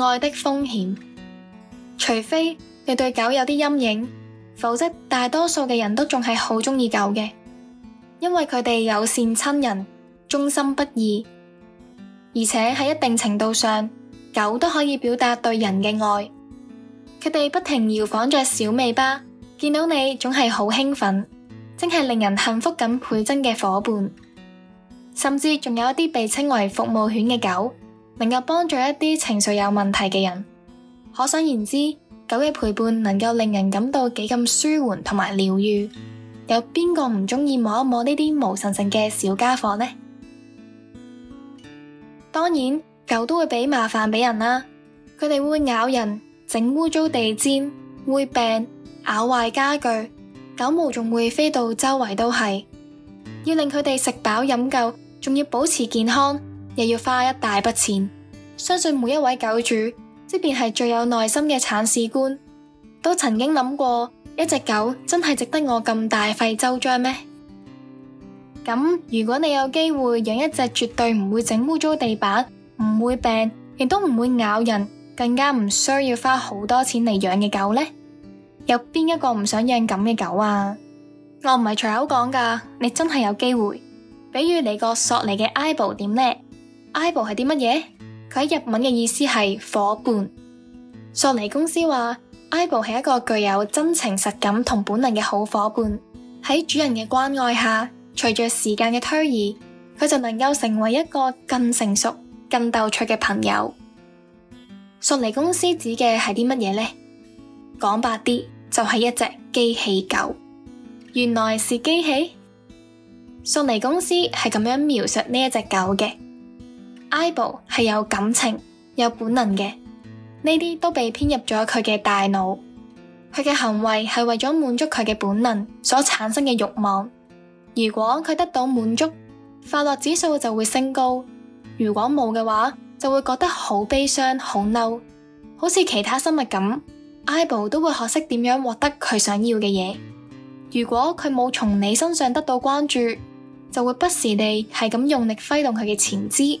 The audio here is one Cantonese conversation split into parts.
愛的風險，除非你對狗有啲陰影，否則大多數嘅人都仲係好鍾意狗嘅，因為佢哋友善親人、忠心不二，而且喺一定程度上，狗都可以表達對人嘅愛。佢哋不停搖晃着小尾巴，見到你總係好興奮，真係令人幸福感倍增嘅伙伴。甚至仲有一啲被稱為服務犬嘅狗。能夠幫助一啲情緒有問題嘅人。可想而知，狗嘅陪伴能夠令人感到幾咁舒緩同埋療愈。有邊個唔鍾意摸一摸呢啲毛神神嘅小家伙呢？當然，狗都會俾麻煩俾人啦。佢哋會咬人，整污糟地氈，會病，咬壞家具，狗毛仲會飛到周圍都係。要令佢哋食飽飲夠，仲要保持健康。也要花一大筆錢。相信每一位狗主，即便係最有耐心嘅鏟屎官，都曾經諗過，一隻狗真係值得我咁大費周章咩？咁如果你有機會養一隻絕對唔會整污糟地板、唔會病，亦都唔會咬人，更加唔需要花好多錢嚟養嘅狗呢？有邊一個唔想養咁嘅狗啊？我唔係隨口講㗎，你真係有機會，比如你個索尼嘅 AIBO 點呢？iBo 係啲乜嘢？佢喺日文嘅意思係伙伴。索尼公司話 iBo 係一個具有真情實感同本能嘅好伙伴。喺主人嘅關愛下，隨著時間嘅推移，佢就能夠成為一個更成熟、更逗趣嘅朋友。索尼公司指嘅係啲乜嘢呢？講白啲，就係、是、一隻機器狗。原來是機器。索尼公司係咁樣描述呢一隻狗嘅。Ibo 係有感情、有本能嘅，呢啲都被編入咗佢嘅大腦。佢嘅行為係為咗滿足佢嘅本能所產生嘅欲望。如果佢得到滿足，快樂指數就會升高；如果冇嘅話，就會覺得好悲傷、好嬲，好似其他生物咁。Ibo 都會學識點樣獲得佢想要嘅嘢。如果佢冇從你身上得到關注，就會不時地係咁用力揮動佢嘅前肢。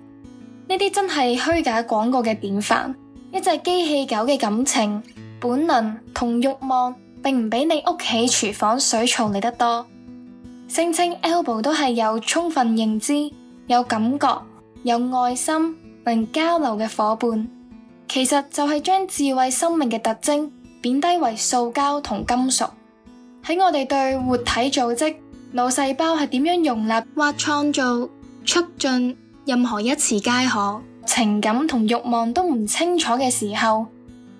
呢啲真係虛假廣告嘅典範。一隻機器狗嘅感情、本能同欲望，並唔比你屋企廚房水槽嚟得多。聲稱 Elbow 都係有充分認知、有感覺、有愛心、能交流嘅夥伴，其實就係將智慧生命嘅特徵貶低為塑膠同金屬。喺我哋對活體組織、腦細胞係點樣容納、或創造、促進。任何一次皆可情感同欲望都唔清楚嘅時候，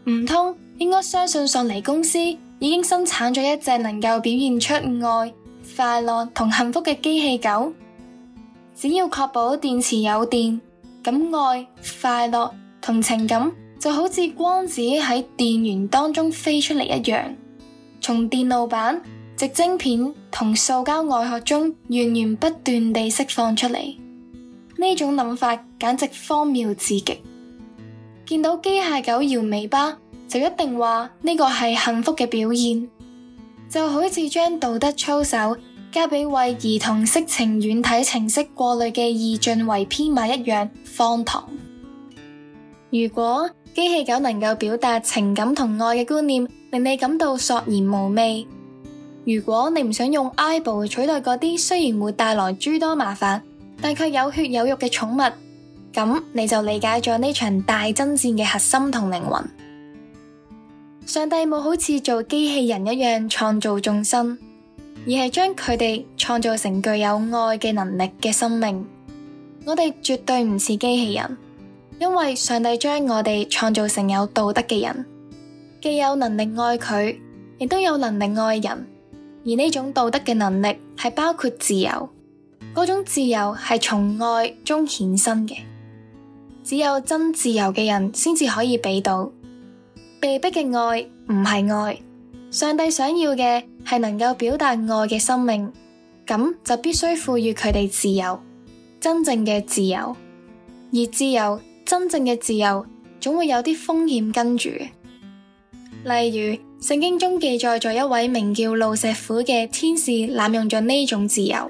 唔通應該相信索尼公司已經生產咗一隻能夠表現出愛、快樂同幸福嘅機器狗？只要確保電池有電，咁愛、快樂同情感就好似光子喺電源當中飛出嚟一樣，從電路板、直晶片同塑膠外殼中源源不斷地釋放出嚟。呢種諗法簡直荒謬至極。見到機械狗搖尾巴，就一定話呢個係幸福嘅表現，就好似將道德操守交俾為兒童色情軟體程式過濾嘅二進位編碼一樣荒唐。如果機器狗能夠表達情感同愛嘅觀念，令你感到索然無味。如果你唔想用 AIBO 取代嗰啲，雖然會帶來諸多麻煩，但卻有血有肉嘅寵物，咁你就理解咗呢場大爭戰嘅核心同靈魂。上帝冇好似做機器人一樣創造眾生，而係將佢哋創造成具有愛嘅能力嘅生命。我哋絕對唔似機器人，因為上帝將我哋創造成有道德嘅人，既有能力愛佢，亦都有能力愛人。而呢種道德嘅能力係包括自由。嗰種自由係從愛中顯身衍生嘅，只有真自由嘅人先至可以俾到。被迫嘅愛唔係愛，上帝想要嘅係能夠表達愛嘅生命，咁就必須賦予佢哋自由，真正嘅自由。而自由，真正嘅自由總會有啲風險跟住，例如聖經中記載咗一位名叫路錫甫嘅天使濫用咗呢種自由。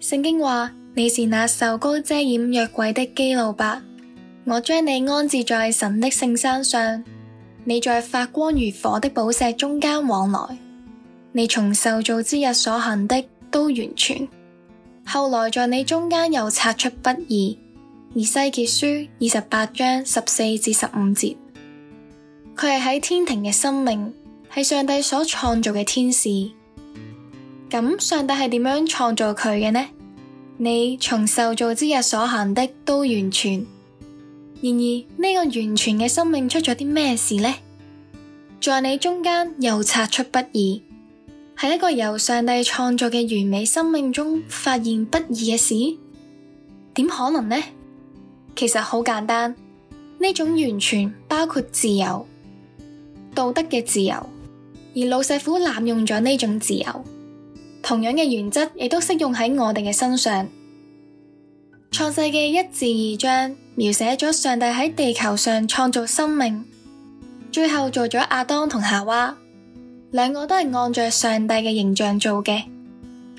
聖經話：你是那受膏遮掩約櫃的基路伯，我將你安置在神的聖山上，你在發光如火的寶石中間往來。你從受造之日所行的都完全，後來在你中間又拆出不義。以西結書二十八章十四至十五節。佢係喺天庭嘅生命，係上帝所創造嘅天使。咁上帝係點樣創造佢嘅呢？你從受造之日所行的都完全。然而呢個完全嘅生命出咗啲咩事呢？在你中間又察出不義，係一個由上帝創造嘅完美生命中發現不義嘅事，點可能呢？其實好簡單，呢種完全包括自由、道德嘅自由，而路西弗濫用咗呢種自由。同樣嘅原則亦都適用喺我哋嘅身上。創世記一至二章描寫咗上帝喺地球上創造生命，最後做咗亞當同夏娃，兩個都係按着上帝嘅形象做嘅。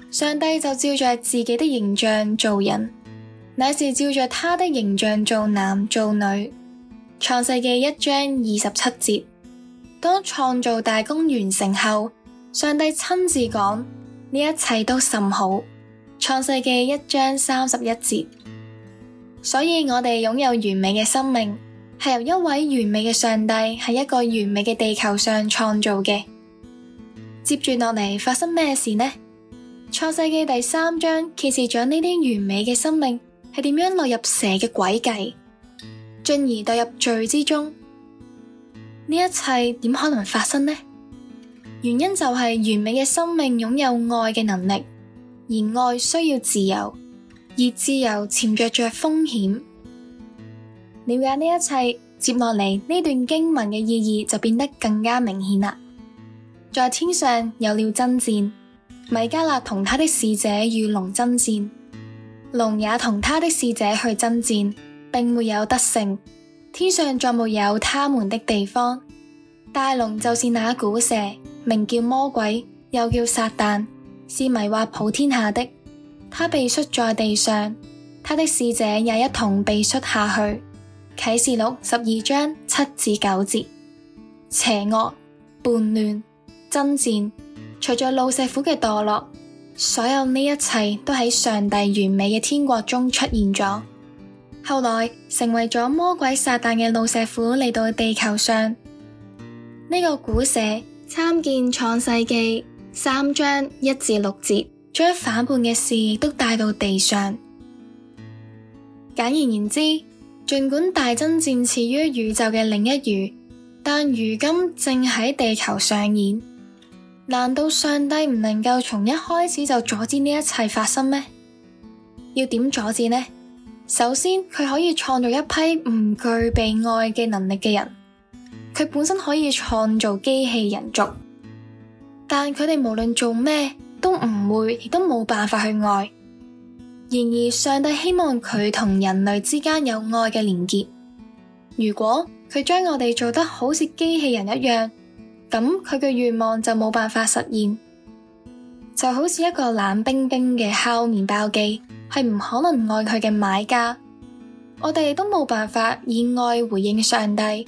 上帝就照着自己的形象做人，乃是照着他的形象做男做女。創世記一章二十七節，當創造大工完成後，上帝親自講。呢一切都甚好，創世記一章三十一節，所以我哋擁有完美嘅生命，係由一位完美嘅上帝喺一個完美嘅地球上創造嘅。接住落嚟發生咩事呢？創世記第三章揭示咗呢啲完美嘅生命係點樣落入蛇嘅詭計，進而墮入罪之中。呢一切點可能發生呢？原因就係完美嘅生命擁有愛嘅能力，而愛需要自由，而自由潛着着風險。了解呢一切，接落嚟呢段經文嘅意義就變得更加明顯啦。在天上有了爭戰，米迦勒同他的使者與龍爭戰，龍也同他的使者去爭戰，並沒有得勝。天上再沒有他們的地方。大龍就是那古蛇。名叫魔鬼，又叫撒旦，是迷惑普天下的。他被摔在地上，他的使者也一同被摔下去。啟示錄十二章七至九節：邪惡、叛亂、爭戰，隨著路西弗嘅墮落，所有呢一切都喺上帝完美嘅天國中出現咗。後來成為咗魔鬼撒旦嘅路西弗嚟到地球上呢、這個古蛇。參見《創世記》三章一至六節，將反叛嘅事都帶到地上。簡而言，言之，儘管大爭戰始於宇宙嘅另一隅，但如今正喺地球上演。難道上帝唔能夠從一開始就阻止呢一切發生咩？要點阻止呢？首先，佢可以創造一批唔具備愛嘅能力嘅人。佢本身可以創造機器人族，但佢哋無論做咩都唔會，亦都冇辦法去愛。然而，上帝希望佢同人類之間有愛嘅連結。如果佢將我哋做得好似機器人一樣，咁佢嘅願望就冇辦法實現。就好似一個冷冰冰嘅烤麵包機，係唔可能愛佢嘅買家。我哋都冇辦法以愛回應上帝。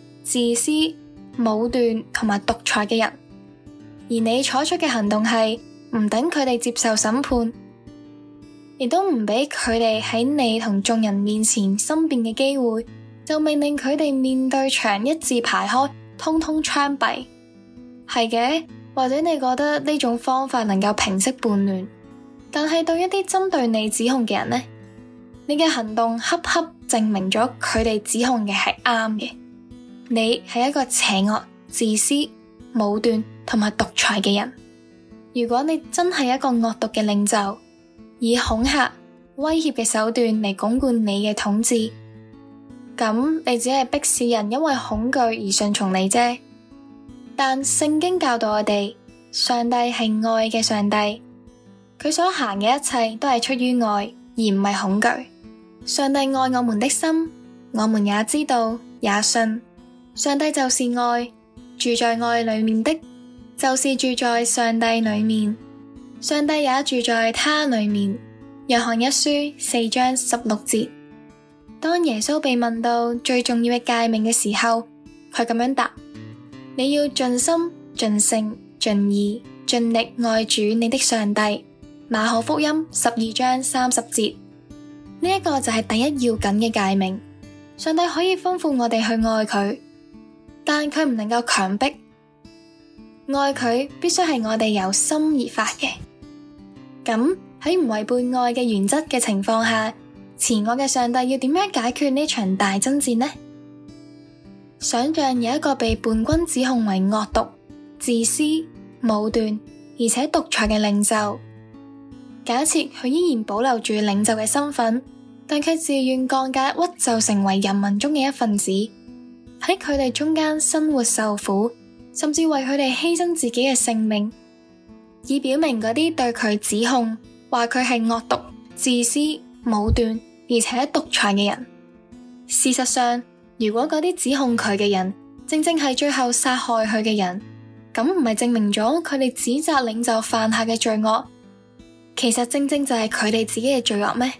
自私、武斷同埋獨裁嘅人，而你採取嘅行動係唔等佢哋接受審判，亦都唔俾佢哋喺你同眾人面前申辯嘅機會，就命令佢哋面對牆一字排開，通通槍斃。係嘅，或者你覺得呢種方法能夠平息叛亂，但係對一啲針對你指控嘅人呢，你嘅行動恰恰證明咗佢哋指控嘅係啱嘅。你係一個邪惡、自私、武斷同埋獨裁嘅人。如果你真係一個惡毒嘅領袖，以恐嚇、威脅嘅手段嚟鞏固你嘅統治，咁你只係逼使人因為恐懼而順從你啫。但聖經教導我哋，上帝係愛嘅上帝，佢所行嘅一切都係出於愛，而唔係恐懼。上帝愛我們的心，我們也知道，也信。上帝就是愛，住在愛裏面的，就是住在上帝裏面。上帝也住在他裏面。約翰一書四章十六節。當耶穌被問到最重要的誡命嘅時候，佢咁樣答：你要盡心、盡性、盡意、盡力愛主你的上帝。馬可福音十二章三十節。呢、這、一個就係第一要緊嘅誡命。上帝可以吩咐我哋去愛佢。但佢唔能夠強迫愛佢，必須係我哋由心而發嘅。咁喺唔違背愛嘅原則嘅情況下，慈愛嘅上帝要點樣解決呢場大爭戰呢？想象有一個被叛軍指控為惡毒、自私、武斷而且獨裁嘅領袖，假設佢依然保留住領袖嘅身份，但佢自願降解屈就，成為人民中嘅一份子。喺佢哋中間生活受苦，甚至為佢哋犧牲自己嘅性命，以表明嗰啲對佢指控，話佢係惡毒、自私、武斷而且獨裁嘅人。事實上，如果嗰啲指控佢嘅人，正正係最後殺害佢嘅人，咁唔係證明咗佢哋指責領袖犯下嘅罪惡，其實正正就係佢哋自己嘅罪惡咩？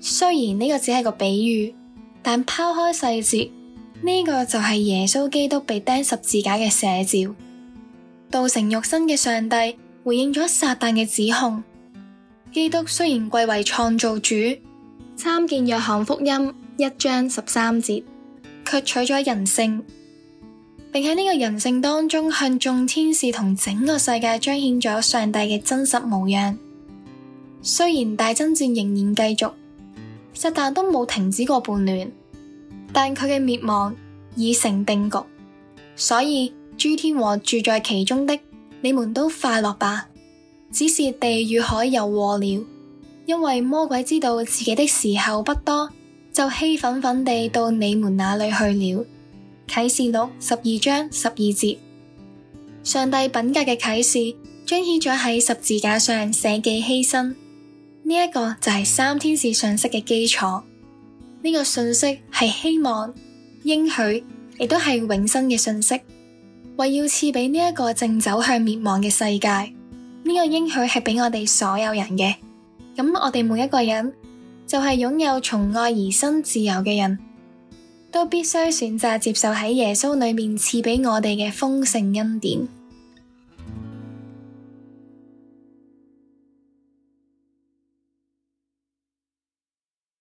雖然呢個只係個比喻，但拋開細節。呢個就係耶穌基督被釘十字架嘅寫照，道成肉身嘅上帝回應咗撒旦嘅指控。基督雖然貴為創造主，參見約翰福音一章十三節，卻取咗人性，並喺呢個人性當中向眾天使同整個世界彰顯咗上帝嘅真實模樣。雖然大爭戰仍然繼續，撒旦都冇停止過叛亂。但佢嘅滅亡已成定局，所以諸天和住在其中的，你們都快樂吧。只是地與海有禍了，因為魔鬼知道自己的時候不多，就氣憤憤地到你們那裏去了。啟示錄十二章十二節，上帝品格嘅啟示，彰顯咗喺十字架上捨己犧牲，呢、這、一個就係三天使信息嘅基礎。呢個信息係希望、應許，亦都係永生嘅信息，為要賜俾呢一個正走向滅亡嘅世界。呢、這個應許係俾我哋所有人嘅，咁我哋每一個人就係擁有從愛而生自由嘅人，都必須選擇接受喺耶穌裏面賜俾我哋嘅豐盛恩典。